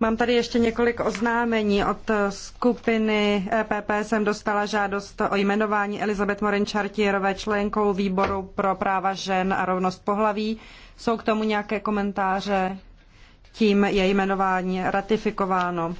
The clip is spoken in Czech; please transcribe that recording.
Mám tady ještě několik oznámení. Od skupiny ppe jsem dostala žádost o jmenování Elizabeth Morin Chartierové členkou výboru pro práva žen a rovnost pohlaví. Jsou k tomu nějaké komentáře? Tím je jmenování ratifikováno.